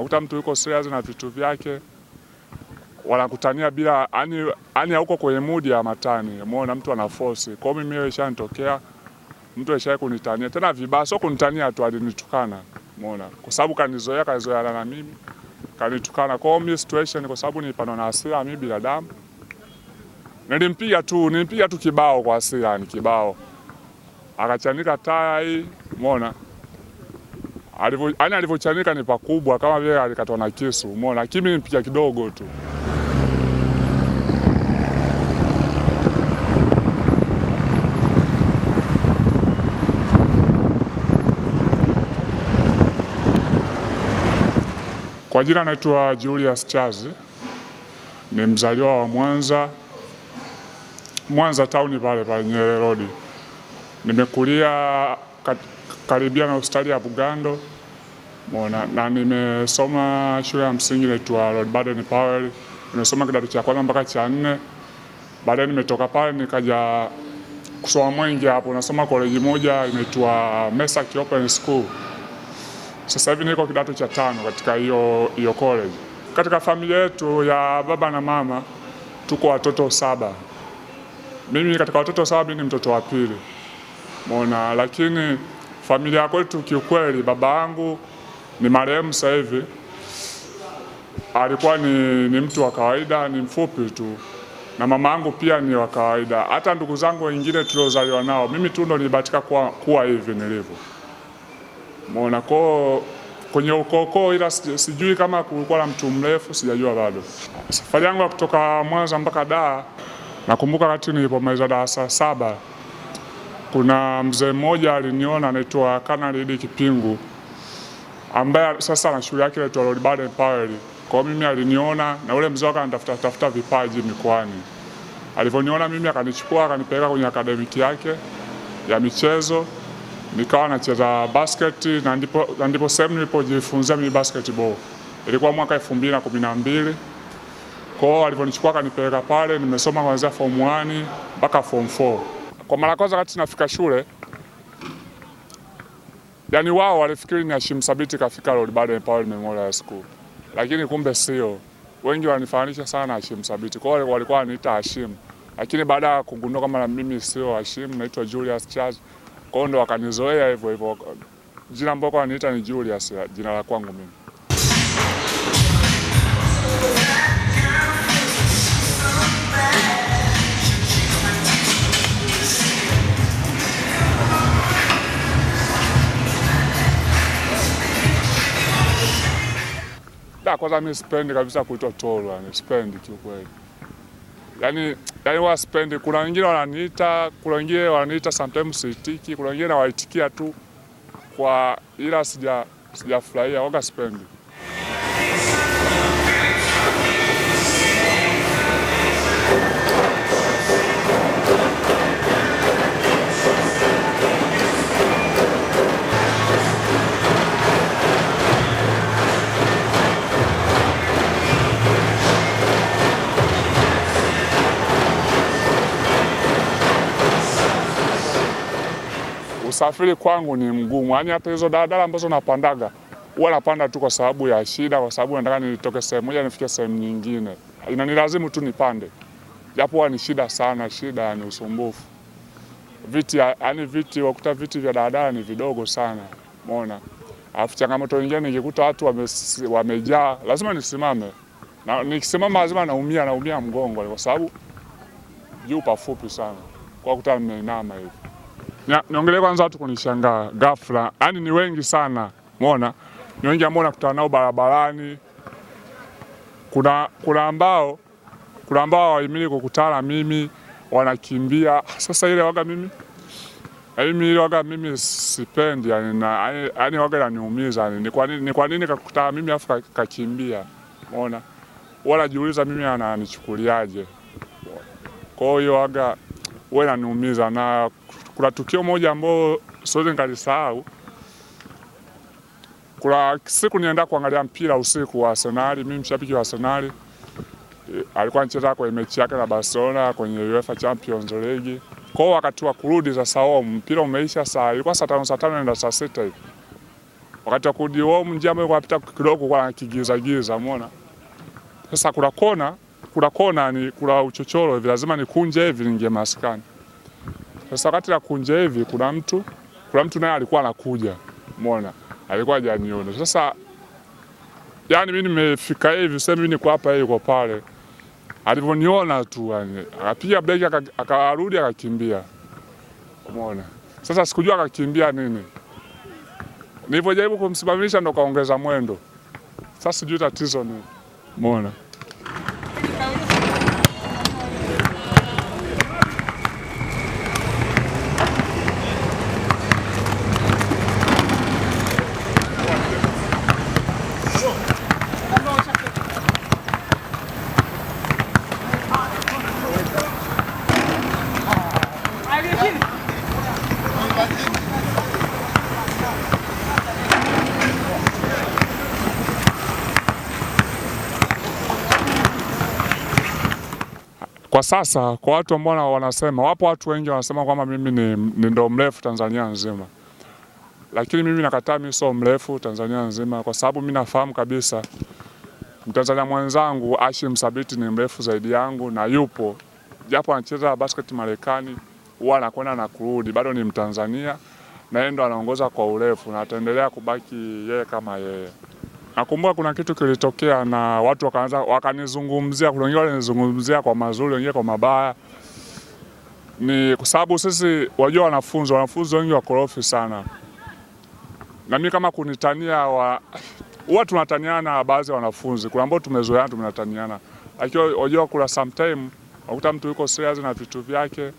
Unakuta mtu yuko serious na vitu vyake, wanakutania bila yani, huko kwenye mood ya matani, umeona mtu ana force. Kwa hiyo mimi hiyo ishanitokea, mtu ashaye kunitania tena vibaya, sio kunitania tu, alinitukana, umeona, kwa sababu kanizoea, kanizoea na mimi, kanitukana. Kwa mimi situation, kwa sababu nilipandwa na hasira, mimi binadamu, nilimpiga tu, nilimpiga tu kibao kwa hasira, ni kibao, akachanika taya hii, umeona yaani alivyochanika ni pakubwa, kama vile alikatwa na kisu, umeona. Lakini mimi nipiga kidogo tu. Kwa jina naitwa Julius Chazi, ni mzaliwa wa Mwanza, Mwanza tauni pale pale Nyerere Road. Nimekulia kat karibia na hospitali ya Bugando Mwana, na nimesoma shule ya msingi inaitwa Baden Powell, nimesoma kidato cha kwanza mpaka cha nne. Baadaye nimetoka pale nikaja kusoma Mwenge, hapo nasoma koleji moja inaitwa Mesa Open School. Sasa hivi niko kidato cha tano katika hiyo hiyo college. Katika familia yetu ya baba na mama tuko watoto saba. Mimi katika watoto saba ni mtoto wa pili. Mona, lakini familia kwetu kiukweli, baba yangu ni marehemu sasa hivi, alikuwa ni, ni mtu wa kawaida, ni mfupi tu, na mama yangu pia ni wa kawaida. Hata ndugu zangu wengine tuliozaliwa nao, mimi tu ndo nilibahatika kuwa, kuwa hivi nilivyo mona kwenye ukoko, ila sijui kama kulikuwa na mtu mrefu, sijajua bado. Safari yangu ya kutoka Mwanza mpaka Dar, nakumbuka wakati nilipomaliza darasa saba kuna mzee mmoja aliniona anaitwa Kanali Idi Kipingu ambaye sasa ana shule yake inaitwa Lord Baden Powell. Kwa mimi aliniona na ule mzee wake anatafuta tafuta vipaji mikoani. Alivyoniona mimi akanichukua akanipeleka kwenye akademiki yake ya michezo nikawa nacheza basket na ndipo na ndipo sehemu nilipojifunza mimi basketball. Ilikuwa mwaka 2012. Kwa hiyo alivyonichukua akanipeleka pale nimesoma kuanzia form 1 mpaka form 4. Kwa mara kwanza wakati nafika shule, yani wao walifikiri ni Hashim Thabit kafika Lord Baden Powell Memorial School, lakini kumbe sio. Wengi wanifananisha sana na Hashim Thabit, kwa hiyo walikuwa wananiita Hashim, lakini baada ya kugundua kama mimi sio Hashim, naitwa Julius Charles, kwa hiyo ndo wakanizoea hivyo hivyo, jina ambalo wananiita ni Julius, jina la kwangu mimi. Da, kwanza mimi sipendi kabisa kuitwa Tolwa, yani sipendi kiukweli. Yaani yaani huwa sipendi. Kuna wengine wananiita, kuna wengine wananiita sometimes siitiki, kuna wengine nawaitikia tu kwa ila sija sijafurahia, waga sipendi. usafiri kwangu ni mgumu, yaani hata hizo daladala ambazo napandaga huwa napanda tu kwa sababu ya shida, kwa sababu nataka nitoke sehemu moja nifike sehemu nyingine, inanilazimu tu nipande, japo huwa ni shida sana, shida ni usumbufu. Viti yaani viti wakuta viti vya daladala ni vidogo sana, umeona. Alafu changamoto nyingine nikikuta watu wame, wamejaa lazima nisimame, na nikisimama lazima naumia, naumia mgongo kwa sababu juu pafupi sana, kwa kuta mmeinama hivi niongelee kwanza, watu kunishangaa ghafla, yaani ni wengi sana, umeona ni wengi ambao nakutana nao barabarani. Kuna kuna ambao kuna ambao hawahimili kukutana mimi, wanakimbia. Sasa ile waga mimi yaani mimi ile waga mimi sipendi, yani na yani yaani waga inaniumiza ni kwa nini ni kwa nini kakutana mimi afu kakimbia, umeona wala jiuliza mimi ananichukuliaje. Kwa hiyo waga wewe naniumiza na kuna tukio moja ambalo siwezi nikalisahau. Kuna siku nienda kuangalia mpira usiku wa Arsenal, mimi mshabiki wa Arsenal. e, Alikuwa anacheza kwenye mechi yake na Barcelona kwenye UEFA Champions League. Kwa hiyo wakati wa kurudi sasa home, mpira umeisha saa ilikuwa saa tano saa tano naenda saa sita hivi. Wakati wa kurudi home njia ambayo kupita kidogo kwa kigiza giza, umeona? Sasa kuna kona, kuna kona ni kuna uchochoro hivi lazima nikunje hivi ningie maskani. Sasa wakati nakunja hivi, kuna mtu kuna mtu naye alikuwa anakuja, umeona, alikuwa hajaniona. Sasa yani mimi nimefika hivi, sasa mimi niko hapa, yuko pale. Alivyoniona tu yani akapiga breki, akarudi akakimbia, umeona. Sasa sikujua akakimbia nini, nilipojaribu kumsimamisha ndo kaongeza mwendo. Sasa sijui tatizo nini, umeona. Kwa sasa kwa watu ambao wanasema, wapo watu wengi wanasema kwamba mimi ni, ni ndo mrefu Tanzania nzima, lakini mimi nakataa, mimi sio mrefu Tanzania nzima, kwa sababu mimi nafahamu kabisa Mtanzania mwenzangu Ashim Sabiti ni mrefu zaidi yangu na yupo japo anacheza basket Marekani, huwa anakwenda na kurudi, bado ni Mtanzania na yeye ndo anaongoza kwa urefu na ataendelea kubaki yeye kama yeye. Nakumbuka kuna kitu kilitokea na watu wakaanza wakanizungumzia, kuna wengine walinizungumzia kwa mazuri, wengine kwa mabaya. Ni kwa sababu sisi, wajua, wanafunzi wanafunzi wengi wakorofi sana, na mimi kama kunitania wa huwa tunataniana baadhi ya wanafunzi, kuna ambao tumezoeana tunataniana, lakini wajua, kuna sometime unakuta mtu yuko serious na vitu vyake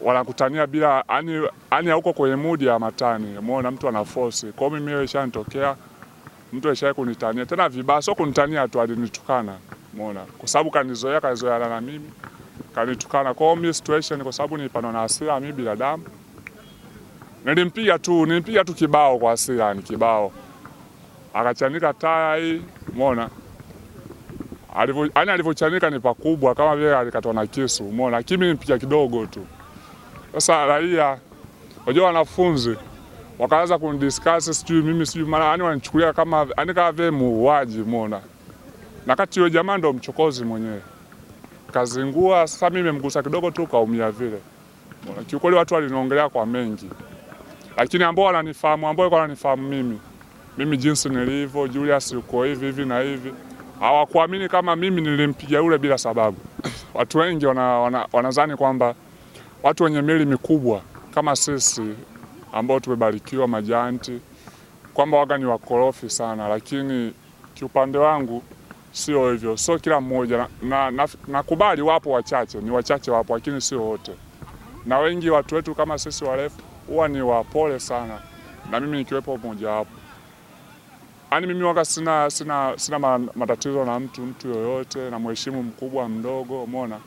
wanakutania bila, yani yani hauko kwenye mudi ya matani, umeona mtu ana force. Kwa hiyo mimi ishanitokea mtu aishaye kunitania tena vibaya, sio kunitania tu, alinitukana. Umeona, kwa sababu kanizoea, kazoeana na mimi, kanitukana. Kwa hiyo mimi situation, kwa sababu nilipandwa na hasira, mimi binadamu, nilimpiga tu, nilimpiga tu kibao kwa hasira, ni kibao, akachanika taya hii, umeona alivyo, yani alivyochanika ni pakubwa, kama vile alikatwa na kisu, umeona. Kimi nilimpiga kidogo tu. Sasa raia, unajua wanafunzi wakaanza kunidiskasi sijui mimi sijui mara, yani wanichukulia kama yani kama vile muuaji muona, na kati yo jamaa ndo mchokozi mwenyewe kazingua. Sasa mimi nimemgusa kidogo tu kaumia vile. Kiukweli watu waliniongelea kwa mengi, lakini ambao wananifahamu ambao walikuwa wananifahamu mimi mimi jinsi nilivyo, Julius uko hivi hivi na hivi, hawakuamini kama mimi nilimpiga yule bila sababu. Watu wengi wanadhani wana, wana kwamba watu wenye miili mikubwa kama sisi ambao tumebarikiwa majanti kwamba waga ni wakorofi sana, lakini kiupande wangu sio hivyo, sio kila mmoja. Nakubali na, na wapo wachache, ni wachache wapo, lakini sio wote, na wengi watu wetu kama sisi warefu huwa ni wapole sana, na mimi nikiwepo mmoja wapo. Yaani mimi waga sina, sina, sina matatizo na mtu mtu yoyote, na mheshimu mkubwa mdogo, umeona.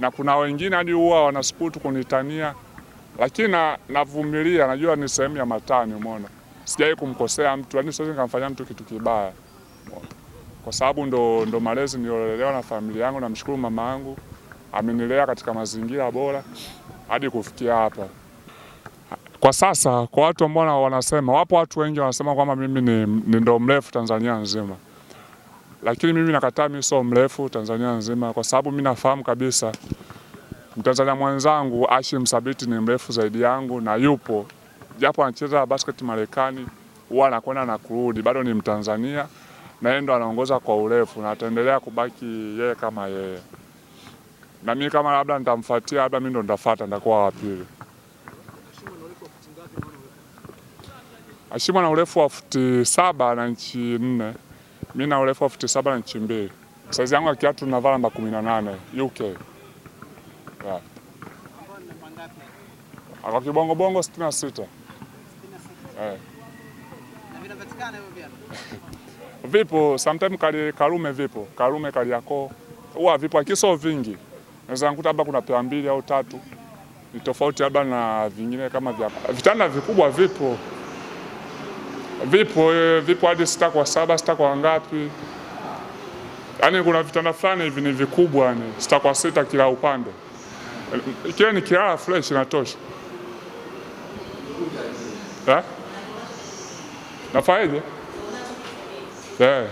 Na kuna wengine hadi huwa wanasubutu kunitania lakini navumilia, najua ni sehemu ya matani, umeona, sijai kumkosea mtu, yani siwezi nikamfanyia mtu kitu kibaya, kwa sababu ndo, ndo malezi niliolelewa na familia yangu. Namshukuru mama yangu amenilea katika mazingira bora hadi kufikia hapa kwa sasa. Kwa watu ambao wanasema, wapo watu wengi wanasema kwamba mimi ni, ni ndo mrefu Tanzania nzima, lakini mimi nakataa, mimi sio mrefu Tanzania nzima, kwa sababu mimi nafahamu kabisa Mtanzania mwenzangu Hashim Thabit ni mrefu zaidi yangu na yupo japo anacheza basket Marekani, huwa anakwenda na kurudi, bado ni Mtanzania na yeye ndo anaongoza kwa urefu na ataendelea kubaki yeye kama yeye, na mimi kama labda nitamfuatia, labda mimi ndo nitafuata, nitakuwa wa pili. Hashim ana urefu wa futi saba na inchi nne, mimi na urefu wa futi saba na inchi mbili. Saizi yangu ya kiatu navaa namba kumi na nane UK. kwa kibongo bongo 66. na sita eh. vipo sometime kali Karume vipo Karume yako. huwa vipo, akiso vingi naweza nikuta labda kuna pea mbili au tatu, ni tofauti labda na vingine kama vya vitanda vikubwa. Vipo vipo eh, vipo hadi sita kwa saba sita kwa ngapi, yaani kuna vitanda fulani hivi ni vikubwa, yani sita kwa sita kila upande, kile ni kilala fresh inatosha. Eh? Nafaidi? Eh.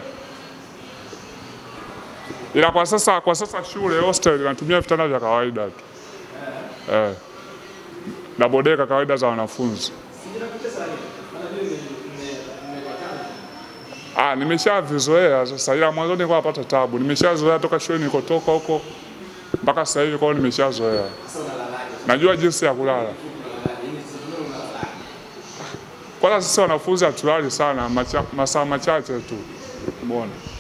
Ila kwa sasa, kwa sasa shule hostel inatumia vitanda vya kawaida tu eh, eh. na bodega kawaida za wanafunzi. Ah, nimeshavizoea sasa, ila mwanzoni kwa napata tabu. Nimeshazoea toka shule nikotoka huko mpaka sasa hivi kwao, nimeshazoea najua jinsi ya kulala. Kwa sisi wanafunzi hatulali sana, masaa machache tu, umeona.